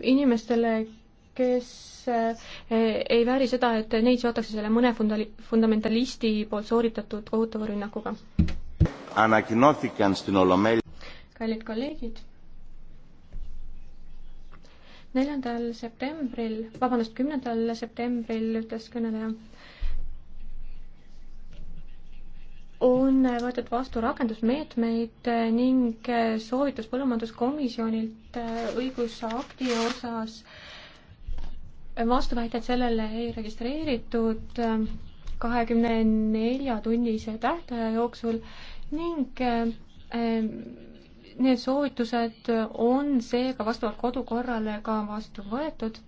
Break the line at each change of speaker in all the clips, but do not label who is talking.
inimestele, kes eh, ei vääri seda, et neid seotakse selle mõne funda-, fundamentalisti poolt sooritatud kohutava rünnakuga. kallid kolleegid, neljandal septembril, vabandust, kümnendal septembril ütles kõneleja, on võetud vastu rakendusmeetmeid ning soovitus Põllumajanduskomisjonilt õigusakti osas vastuväited sellele ei registreeritud kahekümne nelja tunnise tähtaja jooksul ning ehm, need soovitused on seega vastavalt kodukorrale ka vastu võetud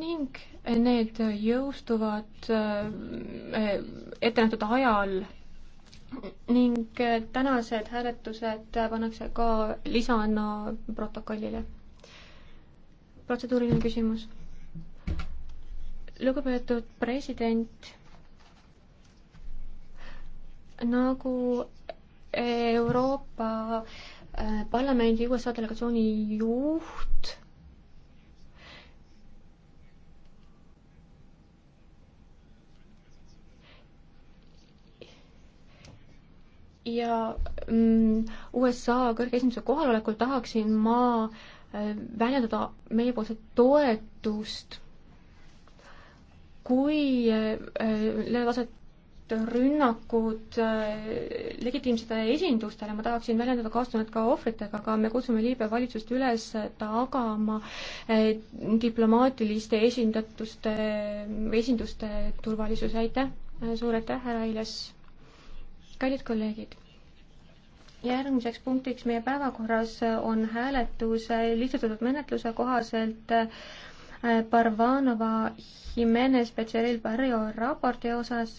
ning need jõustuvad ehm, ettenähtud ajal ning tänased hääletused pannakse ka lisana protokollile. protseduuriline küsimus. lugupeetud president, nagu Euroopa äh, Parlamendi USA delegatsiooni juht ja mm, USA kõrge esimese kohalolekul tahaksin ma äh, väljendada meiepoolset toetust, kui äh, äh, leiavad aset rünnakud legitiimsetele esindustele, ma tahaksin väljendada kaastunnet ka ohvritega, aga me kutsume Liibüa valitsust üles tagama diplomaatiliste esindatuste, esinduste turvalisuse, aitäh, suur aitäh, härra Ilves! kallid kolleegid, järgmiseks punktiks meie päevakorras on hääletus äh, lihtsustatud menetluse kohaselt Barvanova äh, Jimenez Becerril Barrio raporti osas